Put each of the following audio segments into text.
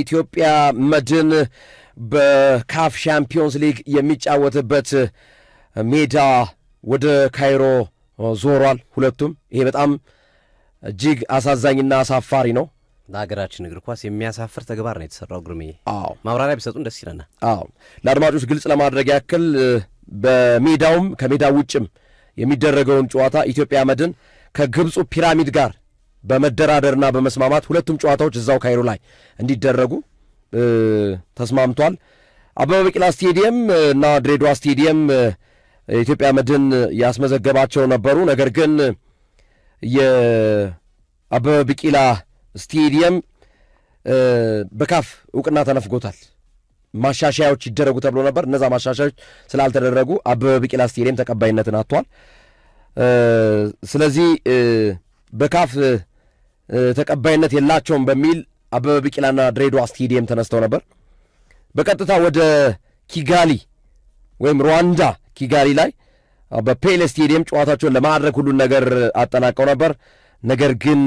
ኢትዮጵያ መድን በካፍ ሻምፒዮንስ ሊግ የሚጫወትበት ሜዳ ወደ ካይሮ ዞሯል። ሁለቱም ይሄ በጣም እጅግ አሳዛኝና አሳፋሪ ነው። ለሀገራችን እግር ኳስ የሚያሳፍር ተግባር ነው የተሰራው። ግርሜ አዎ፣ ማብራሪያ ቢሰጡን ደስ ይለናል። አዎ፣ ለአድማጮች ግልጽ ለማድረግ ያክል በሜዳውም ከሜዳ ውጭም የሚደረገውን ጨዋታ ኢትዮጵያ መድን ከግብፁ ፒራሚድ ጋር በመደራደርና በመስማማት ሁለቱም ጨዋታዎች እዛው ካይሮ ላይ እንዲደረጉ ተስማምቷል። አበበ ቢቂላ ስቴዲየም እና ድሬዳዋ ስቴዲየም የኢትዮጵያ መድን ያስመዘገባቸው ነበሩ። ነገር ግን የአበበ ቢቂላ ስቴዲየም በካፍ እውቅና ተነፍጎታል። ማሻሻያዎች ይደረጉ ተብሎ ነበር። እነዛ ማሻሻያዎች ስላልተደረጉ አበበ ቢቂላ ስቴዲየም ተቀባይነትን አጥቷል። ስለዚህ በካፍ ተቀባይነት የላቸውም በሚል አበበ ቢቂላና ድሬዳዋ ስቴዲየም ተነስተው ነበር። በቀጥታ ወደ ኪጋሊ ወይም ሩዋንዳ ኪጋሊ ላይ በፔሌ ስቴዲየም ጨዋታቸውን ለማድረግ ሁሉን ነገር አጠናቀው ነበር። ነገር ግን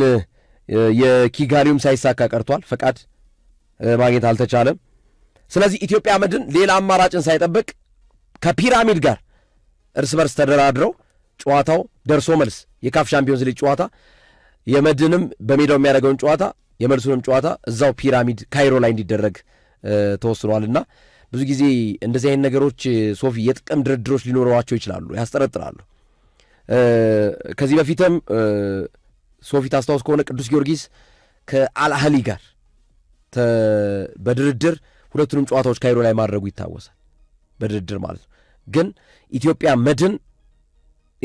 የኪጋሊውም ሳይሳካ ቀርቷል። ፈቃድ ማግኘት አልተቻለም። ስለዚህ ኢትዮጵያ መድን ሌላ አማራጭን ሳይጠብቅ ከፒራሚድ ጋር እርስ በርስ ተደራድረው ጨዋታው ደርሶ መልስ የካፍ ሻምፒዮንስ ሊግ ጨዋታ የመድንም በሜዳው የሚያደርገውን ጨዋታ የመልሱንም ጨዋታ እዛው ፒራሚድ ካይሮ ላይ እንዲደረግ ተወስኗል ብዙ ጊዜ እንደዚህ አይነት ነገሮች ሶፊ የጥቅም ድርድሮች ሊኖረዋቸው ይችላሉ፣ ያስጠረጥራሉ። ከዚህ በፊትም ሶፊ ታስታውስ ከሆነ ቅዱስ ጊዮርጊስ ከአልአህሊ ጋር በድርድር ሁለቱንም ጨዋታዎች ካይሮ ላይ ማድረጉ ይታወሳል። በድርድር ማለት ነው። ግን ኢትዮጵያ መድን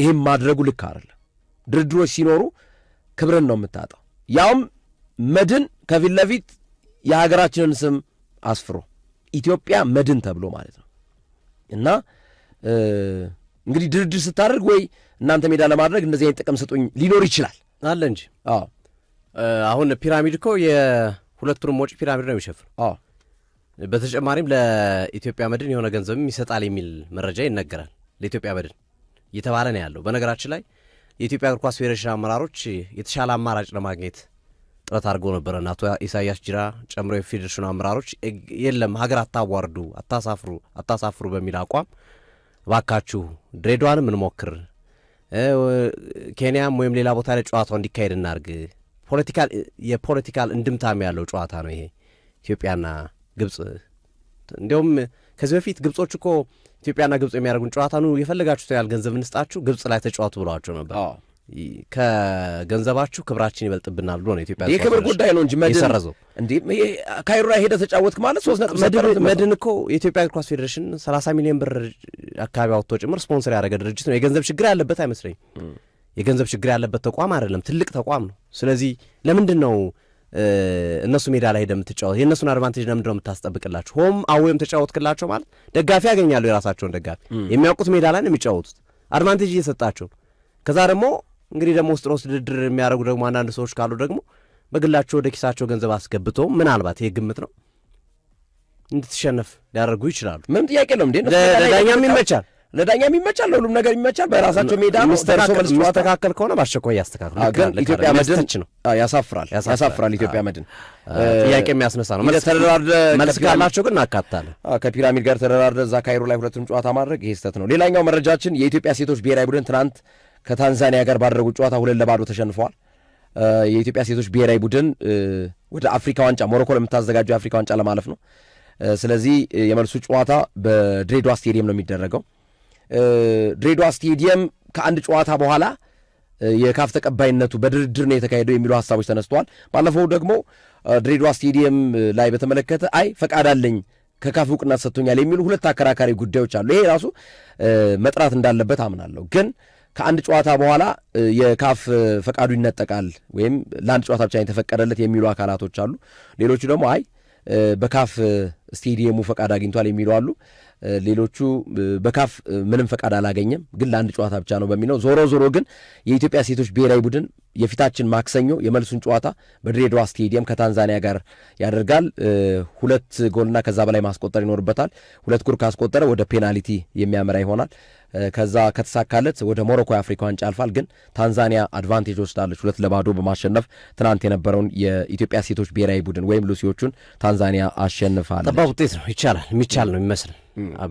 ይህም ማድረጉ ልክ አይደለም። ድርድሮች ሲኖሩ ክብርን ነው የምታጣው። ያውም መድን ከፊት ለፊት የሀገራችንን ስም አስፍሮ ኢትዮጵያ መድን ተብሎ ማለት ነው። እና እንግዲህ ድርድር ስታደርግ ወይ እናንተ ሜዳ ለማድረግ እንደዚህ አይነት ጥቅም ስጡኝ ሊኖር ይችላል አለ እንጂ አሁን ፒራሚድ እኮ የሁለቱንም ወጪ ፒራሚድ ነው የሚሸፍን። በተጨማሪም ለኢትዮጵያ መድን የሆነ ገንዘብም ይሰጣል የሚል መረጃ ይነገራል። ለኢትዮጵያ መድን እየተባለ ነው ያለው በነገራችን ላይ የኢትዮጵያ እግር ኳስ ፌዴሬሽን አመራሮች የተሻለ አማራጭ ለማግኘት ጥረት አድርጎ ነበረና አቶ ኢሳያስ ጅራ ጨምሮ የፌዴሬሽኑ አመራሮች የለም ሀገር አታዋርዱ፣ አታሳፍሩ፣ አታሳፍሩ በሚል አቋም ባካችሁ ድሬዳዋንም እንሞክር፣ ኬንያም ወይም ሌላ ቦታ ላይ ጨዋታው እንዲካሄድ እናርግ። ፖለቲካል የፖለቲካል እንድምታም ያለው ጨዋታ ነው ይሄ ኢትዮጵያና ግብጽ እንዲሁም ከዚህ በፊት ግብጾች እኮ ኢትዮጵያና ግብጽ የሚያደርጉን ጨዋታ ኑ የፈለጋችሁትን ያህል ገንዘብ እንስጣችሁ ግብጽ ላይ ተጫዋቱ ብለዋቸው ነበር። ከገንዘባችሁ ክብራችን ይበልጥብናል ብሎ ነው ኢትዮጵያ። የክብር ጉዳይ ነው እንጂ መድን የሰረዘው እንዲህ ካይሮ ላይ ሄደህ ተጫወትክ ማለት ሶስት ነጥብ መድን እኮ የኢትዮጵያ እግር ኳስ ፌዴሬሽን 30 ሚሊዮን ብር አካባቢ አውጥቶ ጭምር ስፖንሰር ያደረገ ድርጅት ነው። የገንዘብ ችግር ያለበት አይመስለኝም። የገንዘብ ችግር ያለበት ተቋም አይደለም፣ ትልቅ ተቋም ነው። ስለዚህ ለምንድን ነው እነሱ ሜዳ ላይ ሄደህ የእነሱን አድቫንቴጅ ለምንድን ነው የምታስጠብቅላቸው? ሆም አወይም ተጫወትክላቸው ማለት ደጋፊ ያገኛሉ። የራሳቸውን ደጋፊ የሚያውቁት ሜዳ ላይ ነው የሚጫወቱት። አድቫንቴጅ እየሰጣቸው ከዛ ደግሞ እንግዲህ ደግሞ ውስጥ ለውስጥ ድርድር የሚያደርጉ ደግሞ አንዳንድ ሰዎች ካሉ ደግሞ በግላቸው ወደ ኪሳቸው ገንዘብ አስገብቶ ምናልባት ይህ ግምት ነው እንድትሸነፍ ሊያደርጉ ይችላሉ። ምንም ጥያቄ እንዴ ዳኛም ይመቻል ለዳኛ የሚመቻል ለሁሉም ነገር የሚመቻል በራሳቸው ሜዳ ነው። የሚስተካከል ከሆነ በአስቸኳይ ያስተካክሉ። ግን ኢትዮጵያ መድን ነው፣ ያሳፍራል፣ ያሳፍራል። ኢትዮጵያ መድን ጥያቄ የሚያስነሳ ነው። ተደራርደ መልስ ካላቸው ግን እናካትታለን። ከፒራሚድ ጋር ተደራርደ እዛ ካይሮ ላይ ሁለቱም ጨዋታ ማድረግ ይሄ ስህተት ነው። ሌላኛው መረጃችን የኢትዮጵያ ሴቶች ብሔራዊ ቡድን ትናንት ከታንዛኒያ ጋር ባደረጉት ጨዋታ ሁለት ለባዶ ተሸንፈዋል። የኢትዮጵያ ሴቶች ብሔራዊ ቡድን ወደ አፍሪካ ዋንጫ ሞሮኮ ለምታዘጋጀው የአፍሪካ ዋንጫ ለማለፍ ነው። ስለዚህ የመልሱ ጨዋታ በድሬዳዋ ስቴዲየም ነው የሚደረገው። ድሬዳዋ ስቴዲየም ከአንድ ጨዋታ በኋላ የካፍ ተቀባይነቱ በድርድር ነው የተካሄደው የሚሉ ሀሳቦች ተነስተዋል። ባለፈው ደግሞ ድሬዳዋ ስቴዲየም ላይ በተመለከተ አይ ፈቃድ አለኝ ከካፍ እውቅና ሰጥቶኛል የሚሉ ሁለት አከራካሪ ጉዳዮች አሉ። ይሄ ራሱ መጥራት እንዳለበት አምናለሁ። ግን ከአንድ ጨዋታ በኋላ የካፍ ፈቃዱ ይነጠቃል ወይም ለአንድ ጨዋታ ብቻ የተፈቀደለት የሚሉ አካላቶች አሉ። ሌሎቹ ደግሞ አይ በካፍ ስቴዲየሙ ፈቃድ አግኝቷል የሚሉ አሉ። ሌሎቹ በካፍ ምንም ፈቃድ አላገኘም፣ ግን ለአንድ ጨዋታ ብቻ ነው በሚለው ዞሮ ዞሮ ግን የኢትዮጵያ ሴቶች ብሔራዊ ቡድን የፊታችን ማክሰኞ የመልሱን ጨዋታ በድሬዳዋ ስቴዲየም ከታንዛኒያ ጋር ያደርጋል። ሁለት ጎልና ከዛ በላይ ማስቆጠር ይኖርበታል። ሁለት ጎል ካስቆጠረ ወደ ፔናልቲ የሚያመራ ይሆናል። ከዛ ከተሳካለት ወደ ሞሮኮ የአፍሪካ ዋንጫ ያልፋል። ግን ታንዛኒያ አድቫንቴጅ ወስዳለች ሁለት ለባዶ በማሸነፍ ትናንት የነበረውን የኢትዮጵያ ሴቶች ብሔራዊ ቡድን ወይም ሉሲዎቹን ታንዛኒያ አሸንፋለች። ጠባብ ውጤት ነው። ይቻላል፣ የሚቻል ነው የሚመስል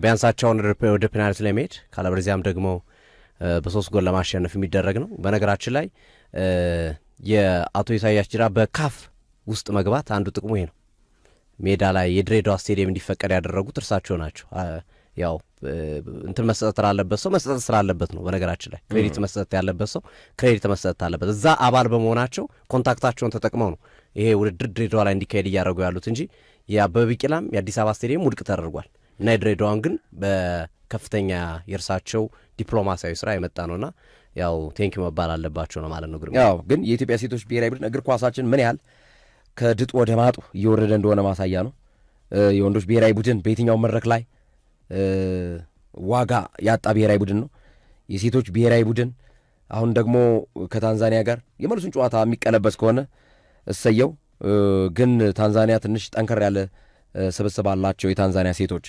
ቢያንሳቸውን ወደ ፔናልቲ ላይ መሄድ ካለበለዚያም ደግሞ በሶስት ጎል ለማሸነፍ የሚደረግ ነው። በነገራችን ላይ የአቶ ኢሳያስ ጅራ በካፍ ውስጥ መግባት አንዱ ጥቅሙ ይሄ ነው። ሜዳ ላይ የድሬዳዋ ስቴዲየም እንዲፈቀድ ያደረጉት እርሳቸው ናቸው። ያው እንትን መሰጠት ስላለበት ሰው መሰጠት ስላለበት ነው። በነገራችን ላይ ክሬዲት መሰጠት ያለበት ሰው ክሬዲት መሰጠት አለበት። እዛ አባል በመሆናቸው ኮንታክታቸውን ተጠቅመው ነው ይሄ ውድድር ድሬዳዋ ላይ እንዲካሄድ እያደረጉ ያሉት እንጂ የአበበ ቢቂላም የአዲስ አበባ ስቴዲየም ውድቅ ተደርጓል እና የድሬዳዋን ግን በከፍተኛ የእርሳቸው ዲፕሎማሲያዊ ስራ የመጣ ነውና ያው ቴንክ መባል አለባቸው ነው ማለት ነው። ያው ግን የኢትዮጵያ ሴቶች ብሔራዊ ቡድን እግር ኳሳችን ምን ያህል ከድጡ ወደ ማጡ እየወረደ እንደሆነ ማሳያ ነው። የወንዶች ብሔራዊ ቡድን በየትኛው መድረክ ላይ ዋጋ ያጣ ብሔራዊ ቡድን ነው። የሴቶች ብሔራዊ ቡድን አሁን ደግሞ ከታንዛኒያ ጋር የመልሱን ጨዋታ የሚቀለበስ ከሆነ እሰየው። ግን ታንዛኒያ ትንሽ ጠንከር ያለ ስብስብ አላቸው የታንዛኒያ ሴቶች።